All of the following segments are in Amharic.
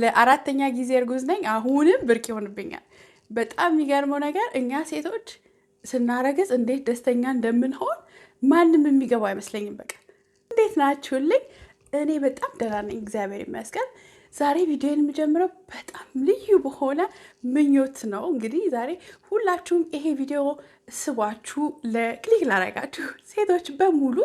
ለአራተኛ ጊዜ እርጉዝ ነኝ። አሁንም ብርቅ ይሆንብኛል። በጣም የሚገርመው ነገር እኛ ሴቶች ስናረግዝ እንዴት ደስተኛ እንደምንሆን ማንም የሚገባው አይመስለኝም። በቃ እንዴት ናችሁልኝ? እኔ በጣም ደህና ነኝ፣ እግዚአብሔር ይመስገን። ዛሬ ቪዲዮን የምጀምረው በጣም ልዩ በሆነ ምኞት ነው። እንግዲህ ዛሬ ሁላችሁም ይሄ ቪዲዮ ስቧችሁ ለክሊክ ላረጋችሁ ሴቶች በሙሉ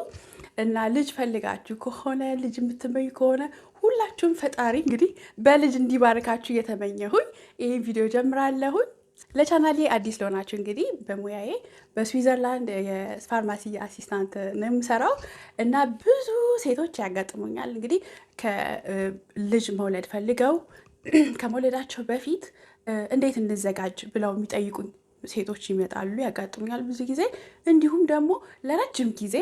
እና ልጅ ፈልጋችሁ ከሆነ ልጅ የምትመኙ ከሆነ ሁላችሁም ፈጣሪ እንግዲህ በልጅ እንዲባርካችሁ እየተመኘሁኝ ይህ ቪዲዮ ጀምራለሁኝ። ለቻናሌ አዲስ ለሆናችሁ እንግዲህ በሙያዬ በስዊዘርላንድ የፋርማሲ አሲስታንት ነው የምሰራው እና ብዙ ሴቶች ያጋጥሙኛል እንግዲህ ከልጅ መውለድ ፈልገው ከመውለዳቸው በፊት እንዴት እንዘጋጅ ብለው የሚጠይቁኝ ሴቶች ይመጣሉ፣ ያጋጥሙኛል ብዙ ጊዜ እንዲሁም ደግሞ ለረጅም ጊዜ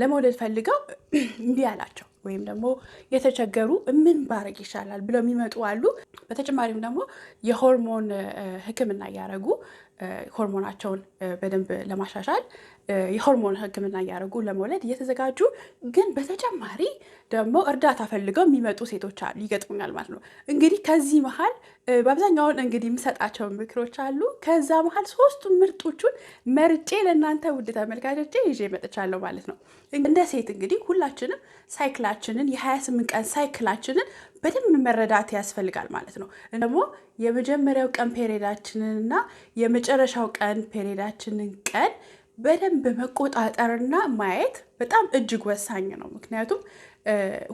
ለመውደድ ፈልገው እንዲህ አላቸው ወይም ደግሞ የተቸገሩ ምን ባረግ ይሻላል ብለው የሚመጡ አሉ። በተጨማሪም ደግሞ የሆርሞን ሕክምና እያደረጉ ሆርሞናቸውን በደንብ ለማሻሻል የሆርሞን ሕክምና እያደረጉ ለመውለድ እየተዘጋጁ ግን በተጨማሪ ደግሞ እርዳታ ፈልገው የሚመጡ ሴቶች አሉ፣ ይገጥሙኛል ማለት ነው። እንግዲህ ከዚህ መሀል በአብዛኛውን እንግዲህ የምሰጣቸው ምክሮች አሉ። ከዛ መሀል ሶስቱ ምርጦቹን መርጬ ለእናንተ ውድ ተመልካቾቼ ይዤ መጥቻለሁ ማለት ነው። እንደ ሴት እንግዲህ ሁላችንም ሳይክላችንን የ28 ቀን ሳይክላችንን በደንብ መረዳት ያስፈልጋል ማለት ነው። ደግሞ የመጀመሪያው ቀን ፔሬዳችንንና የመጨረሻው ቀን ፔሬዳችንን ቀን በደንብ መቆጣጠርና ማየት በጣም እጅግ ወሳኝ ነው። ምክንያቱም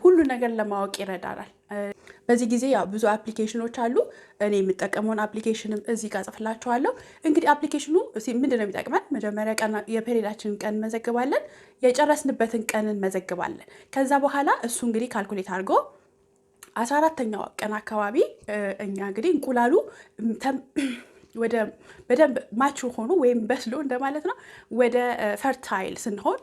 ሁሉ ነገር ለማወቅ ይረዳናል። በዚህ ጊዜ ያው ብዙ አፕሊኬሽኖች አሉ። እኔ የምጠቀመውን አፕሊኬሽንም እዚህ ጋር ጽፍላችኋለሁ። እንግዲህ አፕሊኬሽኑ ምንድነው የሚጠቅመን? መጀመሪያ ቀን የፔሪዳችንን ቀን እንመዘግባለን፣ የጨረስንበትን ቀን እንመዘግባለን። ከዛ በኋላ እሱ እንግዲህ ካልኩሌት አድርጎ አስራ አራተኛው ቀን አካባቢ እኛ እንግዲህ እንቁላሉ ወደ በደንብ ማቹር ሆኖ ወይም በስሎ እንደማለት ነው። ወደ ፈርታይል ስንሆን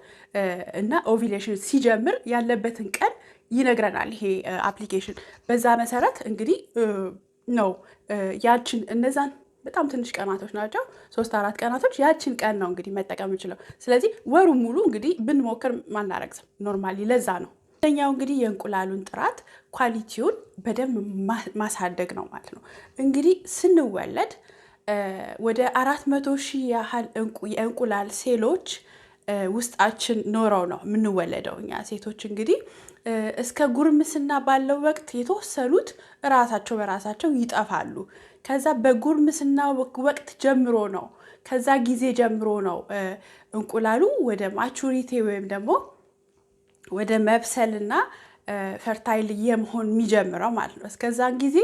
እና ኦቪሌሽን ሲጀምር ያለበትን ቀን ይነግረናል ይሄ አፕሊኬሽን። በዛ መሰረት እንግዲህ ነው ያችን እነዛን በጣም ትንሽ ቀናቶች ናቸው፣ ሶስት አራት ቀናቶች። ያችን ቀን ነው እንግዲህ መጠቀም የምችለው። ስለዚህ ወሩ ሙሉ እንግዲህ ብንሞክር ማናረግዝም ኖርማሊ። ለዛ ነው ኛው እንግዲህ የእንቁላሉን ጥራት ኳሊቲውን በደንብ ማሳደግ ነው ማለት ነው እንግዲህ ስንወለድ ወደ አራት መቶ ሺህ ያህል የእንቁላል ሴሎች ውስጣችን ኖረው ነው የምንወለደው። እኛ ሴቶች እንግዲህ እስከ ጉርምስና ባለው ወቅት የተወሰኑት ራሳቸው በራሳቸው ይጠፋሉ። ከዛ በጉርምስና ወቅት ጀምሮ ነው ከዛ ጊዜ ጀምሮ ነው እንቁላሉ ወደ ማቹሪቲ ወይም ደግሞ ወደ መብሰልና ፈርታይል የመሆን የሚጀምረው ማለት ነው። እስከዛን ጊዜ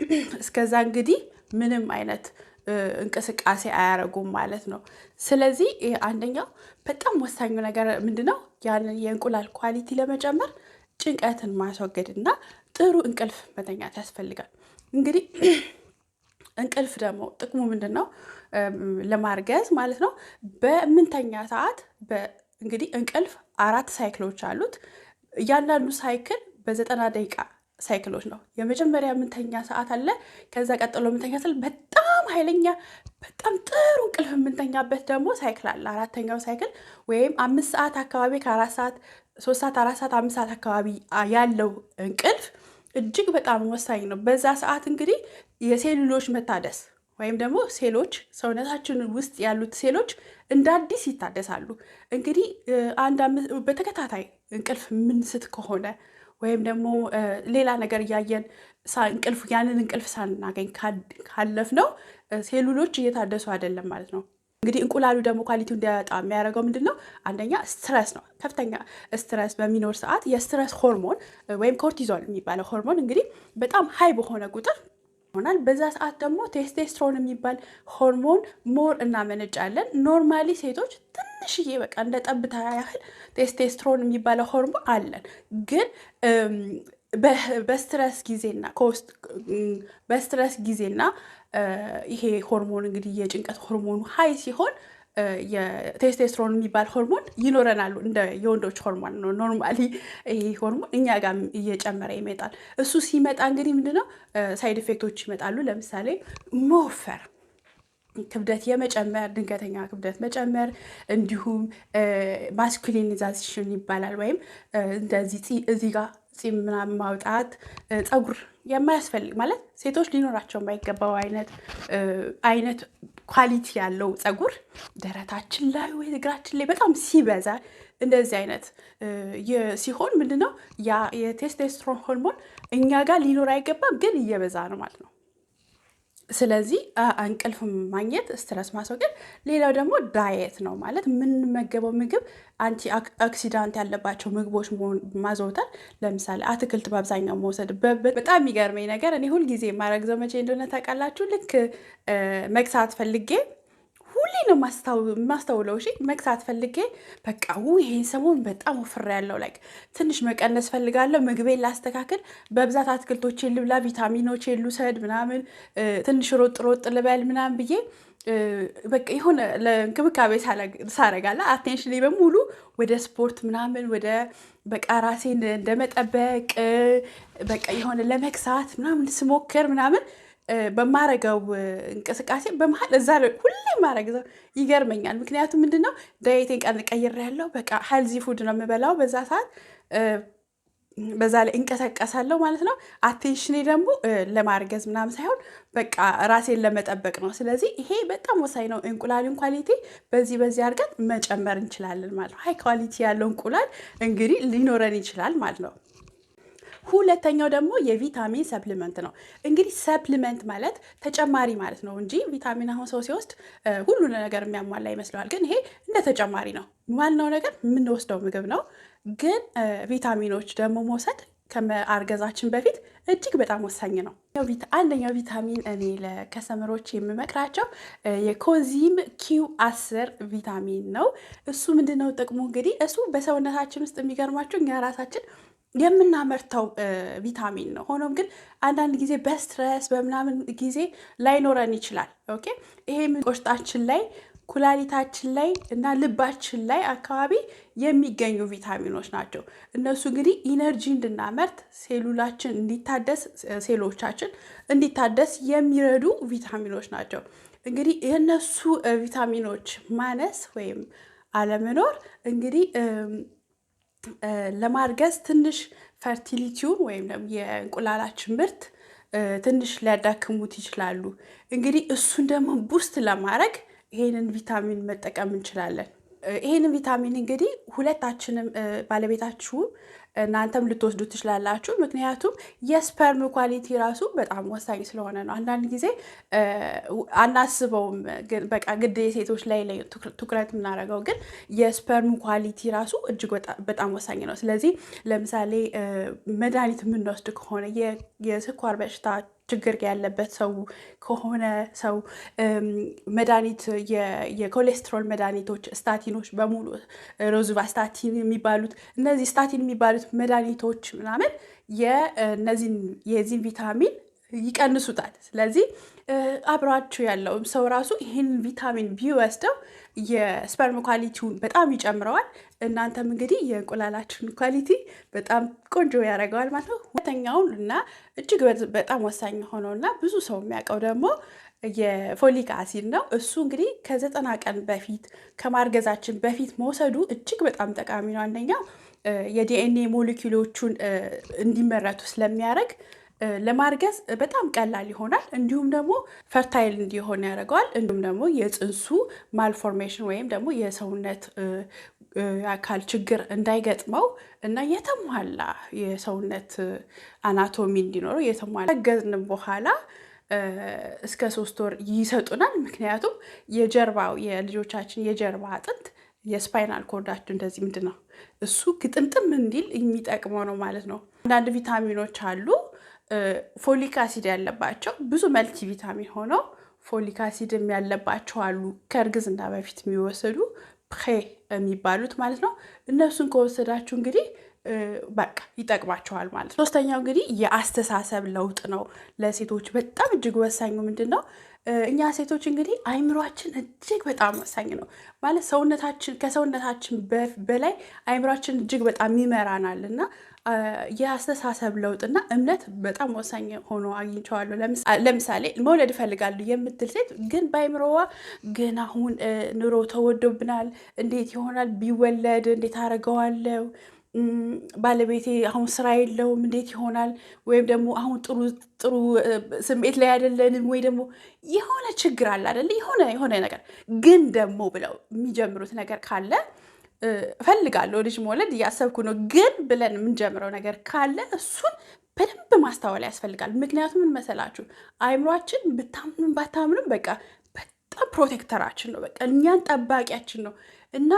እስከዛ እንግዲህ ምንም አይነት እንቅስቃሴ አያደርጉም ማለት ነው። ስለዚህ አንደኛው በጣም ወሳኙ ነገር ምንድነው? ያንን የእንቁላል ኳሊቲ ለመጨመር ጭንቀትን ማስወገድ እና ጥሩ እንቅልፍ መተኛት ያስፈልጋል። እንግዲህ እንቅልፍ ደግሞ ጥቅሙ ምንድን ነው? ለማርገዝ ማለት ነው። በምንተኛ ሰዓት እንግዲህ እንቅልፍ አራት ሳይክሎች አሉት። እያንዳንዱ ሳይክል በዘጠና ደቂቃ ሳይክሎች ነው። የመጀመሪያ ምንተኛ ሰዓት አለ። ከዛ ቀጥሎ ምንተኛ ስል በጣም ኃይለኛ በጣም ጥሩ እንቅልፍ የምንተኛበት ደግሞ ሳይክል አለ። አራተኛው ሳይክል ወይም አምስት ሰዓት አካባቢ ከአራት ሰዓት ሶስት ሰዓት አራት ሰዓት አምስት ሰዓት አካባቢ ያለው እንቅልፍ እጅግ በጣም ወሳኝ ነው። በዛ ሰዓት እንግዲህ የሴሉሎች መታደስ ወይም ደግሞ ሴሎች ሰውነታችን ውስጥ ያሉት ሴሎች እንደ አዲስ ይታደሳሉ። እንግዲህ አንድ በተከታታይ እንቅልፍ ምንስት ከሆነ ወይም ደግሞ ሌላ ነገር እያየን እንቅልፍ ያንን እንቅልፍ ሳናገኝ ካለፍ ነው ሴሉሎች እየታደሱ አይደለም ማለት ነው። እንግዲህ እንቁላሉ ደግሞ ኳሊቲው እንዲያጣ የሚያደርገው ምንድን ነው? አንደኛ ስትረስ ነው። ከፍተኛ ስትረስ በሚኖር ሰዓት የስትረስ ሆርሞን ወይም ኮርቲዞል የሚባለው ሆርሞን እንግዲህ በጣም ሀይ በሆነ ቁጥር ይሆናል። በዛ ሰዓት ደግሞ ቴስቴስትሮን የሚባል ሆርሞን ሞር እናመነጫለን። ኖርማሊ ሴቶች ትንሽዬ በቃ እንደ ጠብታ ያህል ቴስቴስትሮን የሚባለው ሆርሞን አለን ግን በስትረስ ጊዜና በስትረስ ጊዜና ይሄ ሆርሞን እንግዲህ የጭንቀት ሆርሞኑ ሀይ ሲሆን የቴስቴስትሮን የሚባል ሆርሞን ይኖረናሉ። እንደ የወንዶች ሆርሞን ነው። ኖርማሊ ይህ ሆርሞን እኛ ጋር እየጨመረ ይመጣል። እሱ ሲመጣ እንግዲህ ምንድነው ሳይድ ኢፌክቶች ይመጣሉ። ለምሳሌ መወፈር ክብደት የመጨመር ድንገተኛ ክብደት መጨመር፣ እንዲሁም ማስኩሊኒዛሽን ይባላል ወይም እንደዚህ እዚህ ጋር ሲም ምናምን ማውጣት ፀጉር የማያስፈልግ ማለት ሴቶች ሊኖራቸው የማይገባው አይነት አይነት ኳሊቲ ያለው ፀጉር ደረታችን ላይ ወይ እግራችን ላይ በጣም ሲበዛ እንደዚህ አይነት ሲሆን ምንድነው ያ የቴስቴስትሮን ሆርሞን እኛ ጋር ሊኖር አይገባም፣ ግን እየበዛ ነው ማለት ነው። ስለዚህ እንቅልፍ ማግኘት ስትረስ ማስወገድ። ሌላው ደግሞ ዳየት ነው ማለት የምንመገበው ምግብ አንቲ ኦክሲዳንት ያለባቸው ምግቦች ማዘውተር፣ ለምሳሌ አትክልት በአብዛኛው መውሰድ። በጣም የሚገርመኝ ነገር እኔ ሁልጊዜ የማረግዘው መቼ እንደሆነ ታውቃላችሁ? ልክ መግሳት ፈልጌ ሁሌ ነው የማስተውለው። እሺ መግዛት ፈልጌ በቃ ው ይሄን ሰሞን በጣም ወፍሬ ያለው ላይ ትንሽ መቀነስ ፈልጋለሁ፣ ምግቤን ላስተካክል፣ በብዛት አትክልቶቼን ልብላ፣ ቪታሚኖቼ ልውሰድ፣ ምናምን ትንሽ ሮጥ ሮጥ ልበል ምናምን ብዬ በቃ የሆነ ለእንክብካቤ ሳረጋለ አቴንሽን በሙሉ ወደ ስፖርት ምናምን ወደ በቃ ራሴን እንደመጠበቅ በቃ የሆነ ለመግሳት ምናምን ስሞክር ምናምን በማረገው እንቅስቃሴ በመሀል እዛ ሁሌ ማድረግ ይገርመኛል። ምክንያቱም ምንድነው ዳየቴን ቀን ቀይር ያለው በቃ ሀልዚ ፉድ ነው የምበላው በዛ ሰዓት በዛ ላይ እንቀሳቀሳለሁ ማለት ነው። አቴንሽኔ ደግሞ ለማርገዝ ምናምን ሳይሆን በቃ ራሴን ለመጠበቅ ነው። ስለዚህ ይሄ በጣም ወሳኝ ነው። እንቁላልን ኳሊቲ በዚህ በዚህ አድርገን መጨመር እንችላለን ማለት ነው። ሀይ ኳሊቲ ያለው እንቁላል እንግዲህ ሊኖረን ይችላል ማለት ነው። ሁለተኛው ደግሞ የቪታሚን ሰፕሊመንት ነው። እንግዲህ ሰፕሊመንት ማለት ተጨማሪ ማለት ነው እንጂ ቪታሚን አሁን ሰው ሲወስድ ሁሉ ነገር የሚያሟላ ይመስለዋል። ግን ይሄ እንደ ተጨማሪ ነው። ዋናው ነገር የምንወስደው ምግብ ነው። ግን ቪታሚኖች ደግሞ መውሰድ ከመአርገዛችን በፊት እጅግ በጣም ወሳኝ ነው። አንደኛው ቪታሚን እኔ ለከሰምሮች የምመክራቸው የኮንዚም ኪው አስር ቪታሚን ነው። እሱ ምንድነው ጥቅሙ? እንግዲህ እሱ በሰውነታችን ውስጥ የሚገርማቸው እኛ ራሳችን የምናመርተው ቪታሚን ነው። ሆኖም ግን አንዳንድ ጊዜ በስትረስ በምናምን ጊዜ ላይኖረን ይችላል። ኦኬ ይሄ ቆሽጣችን ላይ ኩላሊታችን ላይ እና ልባችን ላይ አካባቢ የሚገኙ ቪታሚኖች ናቸው። እነሱ እንግዲህ ኢነርጂ እንድናመርት ሴሉላችን እንዲታደስ ሴሎቻችን እንዲታደስ የሚረዱ ቪታሚኖች ናቸው። እንግዲህ የእነሱ ቪታሚኖች ማነስ ወይም አለመኖር እንግዲህ ለማርገዝ ትንሽ ፈርቲሊቲውን ወይም ደግሞ የእንቁላላችን ምርት ትንሽ ሊያዳክሙት ይችላሉ። እንግዲህ እሱን ደግሞ ቡስት ለማድረግ ይሄንን ቪታሚን መጠቀም እንችላለን። ይሄንን ቪታሚን እንግዲህ ሁለታችንም ባለቤታችሁ እናንተም ልትወስዱ ትችላላችሁ። ምክንያቱም የስፐርም ኳሊቲ ራሱ በጣም ወሳኝ ስለሆነ ነው። አንዳንድ ጊዜ አናስበውም፣ በቃ ግድ የሴቶች ላይ ትኩረት የምናደርገው ግን የስፐርም ኳሊቲ ራሱ እጅግ በጣም ወሳኝ ነው። ስለዚህ ለምሳሌ መድኃኒት የምንወስድ ከሆነ የስኳር በሽታ ችግር ያለበት ሰው ከሆነ ሰው መድኃኒት የኮሌስትሮል መድኃኒቶች ስታቲኖች በሙሉ ሮዝቫ ስታቲን የሚባሉት እነዚህ ስታቲን የሚባሉት መድኃኒቶች ምናምን የእነዚህን የዚህን ቪታሚን ይቀንሱታል። ስለዚህ አብሯቸው ያለው ሰው ራሱ ይህን ቪታሚን ቢወስደው የስፐርም ኳሊቲውን በጣም ይጨምረዋል። እናንተም እንግዲህ የእንቁላላችን ኳሊቲ በጣም ቆንጆ ያደርገዋል ማለት ነው። ሁለተኛውን እና እጅግ በጣም ወሳኝ የሆነው እና ብዙ ሰው የሚያውቀው ደግሞ የፎሊክ አሲድ ነው። እሱ እንግዲህ ከዘጠና ቀን በፊት ከማርገዛችን በፊት መውሰዱ እጅግ በጣም ጠቃሚ ነው። አንደኛው የዲኤንኤ ሞሊኪሎቹን እንዲመረቱ ስለሚያደርግ ለማርገዝ በጣም ቀላል ይሆናል። እንዲሁም ደግሞ ፈርታይል እንዲሆን ያደርገዋል። እንዲሁም ደግሞ የፅንሱ ማልፎርሜሽን ወይም ደግሞ የሰውነት አካል ችግር እንዳይገጥመው እና የተሟላ የሰውነት አናቶሚ እንዲኖረው የተሟላ ገዝንም በኋላ እስከ ሶስት ወር ይሰጡናል። ምክንያቱም የጀርባው የልጆቻችን የጀርባ አጥንት የስፓይናል ኮርዳችን እንደዚህ ምንድን ነው እሱ ግጥምጥም እንዲል የሚጠቅመው ነው ማለት ነው። አንዳንድ ቪታሚኖች አሉ ፎሊክ አሲድ ያለባቸው ብዙ መልቲ ቪታሚን ሆነው ፎሊክ አሲድም ያለባቸው አሉ። ከእርግዝና በፊት የሚወሰዱ ፕሬ የሚባሉት ማለት ነው። እነሱን ከወሰዳችሁ እንግዲህ በቃ ይጠቅማቸዋል ማለት ነው። ሶስተኛው እንግዲህ የአስተሳሰብ ለውጥ ነው። ለሴቶች በጣም እጅግ ወሳኙ ምንድን ነው? እኛ ሴቶች እንግዲህ አይምሯችን እጅግ በጣም ወሳኝ ነው ማለት ሰውነታችን ከሰውነታችን በላይ አይምሯችን እጅግ በጣም ይመራናል እና የአስተሳሰብ ለውጥና እምነት በጣም ወሳኝ ሆኖ አግኝቼዋለሁ። ለምሳሌ መውለድ እፈልጋለሁ የምትል ሴት ግን በአይምሮዋ ግን አሁን ኑሮ ተወዶብናል፣ እንዴት ይሆናል ቢወለድ እንዴት አደርገዋለሁ ባለቤቴ አሁን ስራ የለውም እንዴት ይሆናል? ወይም ደግሞ አሁን ጥሩ ጥሩ ስሜት ላይ አይደለንም፣ ወይ ደግሞ የሆነ ችግር አለ አይደለ? የሆነ የሆነ ነገር ግን ደግሞ ብለው የሚጀምሩት ነገር ካለ እፈልጋለሁ ልጅ መውለድ እያሰብኩ ነው፣ ግን ብለን የምንጀምረው ነገር ካለ እሱን በደንብ ማስታወል ያስፈልጋል። ምክንያቱም ምን መሰላችሁ አይምሯችን ብታምኑም ባታምኑም በቃ በጣም ፕሮቴክተራችን ነው፣ በቃ እኛን ጠባቂያችን ነው እና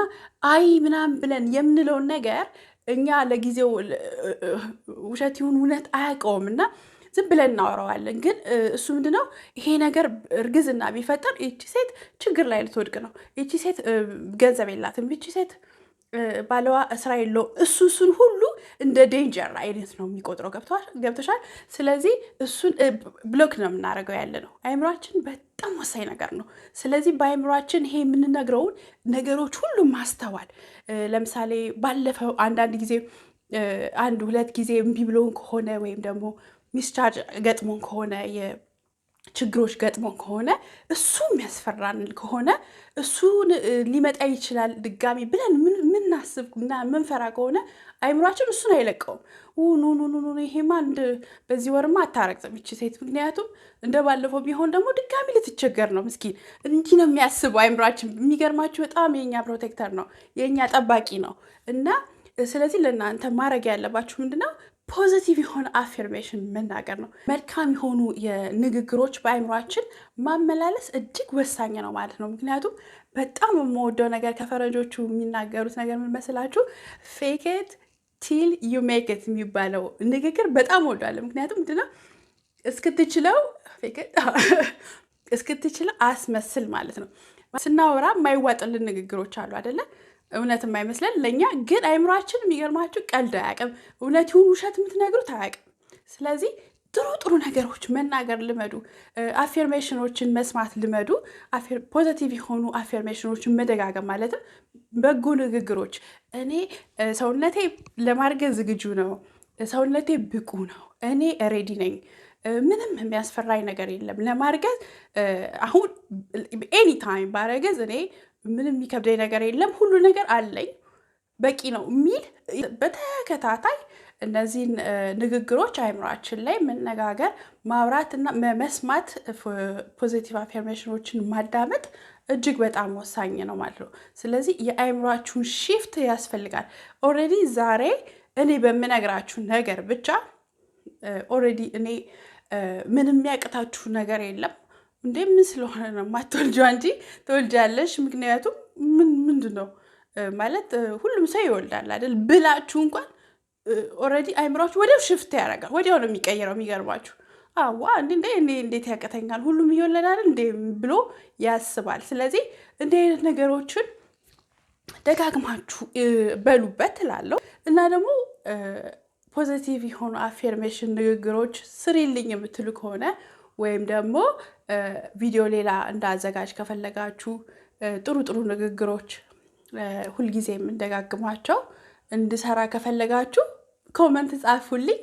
አይ ምናምን ብለን የምንለውን ነገር እኛ ለጊዜው ውሸት ይሁን እውነት አያውቀውም እና ዝም ብለን እናወራዋለን። ግን እሱ ምንድነው ይሄ ነገር እርግዝና ቢፈጠር ይቺ ሴት ችግር ላይ ልትወድቅ ነው፣ ይቺ ሴት ገንዘብ የላትም፣ ይቺ ሴት ባለዋ እስራ የለውም። እሱ እሱን ሁሉ እንደ ዴንጀር አይነት ነው የሚቆጥረው። ገብተሻል? ስለዚህ እሱን ብሎክ ነው የምናደርገው ያለ ነው። አይምሯችን በጣም ወሳኝ ነገር ነው። ስለዚህ በአይምሯችን ይሄ የምንነግረውን ነገሮች ሁሉ ማስተዋል። ለምሳሌ ባለፈው አንዳንድ ጊዜ አንድ ሁለት ጊዜ እምቢ ብሎን ከሆነ ወይም ደግሞ ሚስቻርጅ ገጥሞን ከሆነ ችግሮች ገጥሞ ከሆነ እሱ የሚያስፈራን ከሆነ እሱን ሊመጣ ይችላል ድጋሚ ብለን ምናስብ እና ምንፈራ ከሆነ አይምሯችን እሱን አይለቀውም። ኑኑኑኑ ይሄማ በዚህ ወርማ አታረግዝም ይቺ ሴት፣ ምክንያቱም እንደ ባለፈው ቢሆን ደግሞ ድጋሚ ልትቸገር ነው ምስኪን። እንዲህ ነው የሚያስበው አይምሯችን። የሚገርማችሁ በጣም የኛ ፕሮቴክተር ነው፣ የእኛ ጠባቂ ነው እና ስለዚህ ለእናንተ ማድረግ ያለባችሁ ምንድነው? ፖዘቲቭ የሆነ አፌርሜሽን መናገር ነው። መልካም የሆኑ የንግግሮች በአይምሯችን ማመላለስ እጅግ ወሳኝ ነው ማለት ነው። ምክንያቱም በጣም የምወደው ነገር ከፈረንጆቹ የሚናገሩት ነገር ምን መሰላችሁ? ፌክ ኢት ቲል ዩ ሜክ ኢት የሚባለው ንግግር በጣም ወዷለ። ምክንያቱም ምንድነው እስክትችለው እስክትችለው አስመስል ማለት ነው። ስናወራ የማይዋጥልን ንግግሮች አሉ አይደለም እውነት የማይመስለን ለእኛ ግን አይምሯችን የሚገርማችሁ ቀልድ አያውቅም። እውነት ይሁን ውሸት የምትነግሩት አያውቅም። ስለዚህ ጥሩ ጥሩ ነገሮች መናገር ልመዱ። አፌርሜሽኖችን መስማት ልመዱ። ፖዘቲቭ የሆኑ አፌርሜሽኖችን መደጋገም ማለትም በጎ ንግግሮች። እኔ ሰውነቴ ለማርገዝ ዝግጁ ነው፣ ሰውነቴ ብቁ ነው፣ እኔ ሬዲ ነኝ ምንም የሚያስፈራኝ ነገር የለም። ለማርገዝ አሁን ኤኒ ታይም ባረገዝ እኔ ምንም የሚከብደኝ ነገር የለም፣ ሁሉ ነገር አለኝ በቂ ነው የሚል በተከታታይ እነዚህን ንግግሮች አይምሯችን ላይ መነጋገር፣ ማውራት እና መስማት፣ ፖዚቲቭ አፌርሜሽኖችን ማዳመጥ እጅግ በጣም ወሳኝ ነው ማለት ነው። ስለዚህ የአይምሯችሁን ሺፍት ያስፈልጋል። ኦልሬዲ ዛሬ እኔ በምነግራችሁ ነገር ብቻ ኦልሬዲ እኔ ምንም የሚያቅታችሁ ነገር የለም። እንዴ ምን ስለሆነ ነው ማትወልጇ እንጂ ትወልጃለሽ። ምክንያቱም ምን ምንድን ነው ማለት ሁሉም ሰው ይወልዳል አይደል ብላችሁ እንኳን ኦልሬዲ አይምሯችሁ ወዲያው ሽፍት ያደርጋል። ወዲያው ነው የሚቀይረው። የሚገርማችሁ አዋ እንዴ እኔ እንዴት ያቅተኛል ሁሉም ይወለዳል እንደ ብሎ ያስባል። ስለዚህ እንዲህ አይነት ነገሮችን ደጋግማችሁ በሉበት እላለሁ እና ደግሞ ፖዘቲቭ የሆኑ አፌርሜሽን ንግግሮች ስሪልኝ የምትሉ ከሆነ ወይም ደግሞ ቪዲዮ ሌላ እንዳዘጋጅ ከፈለጋችሁ ጥሩ ጥሩ ንግግሮች ሁልጊዜ የምንደጋግሟቸው እንድሰራ ከፈለጋችሁ ኮመንት ጻፉልኝ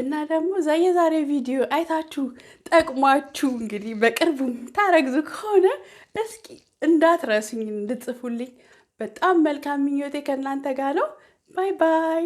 እና ደግሞ የዛሬ ቪዲዮ አይታችሁ ጠቅሟችሁ እንግዲህ በቅርቡ ታረግዙ ከሆነ እስኪ እንዳትረሱኝ እንድጽፉልኝ በጣም መልካም ምኞቴ ከእናንተ ጋር ነው። ባይ ባይ።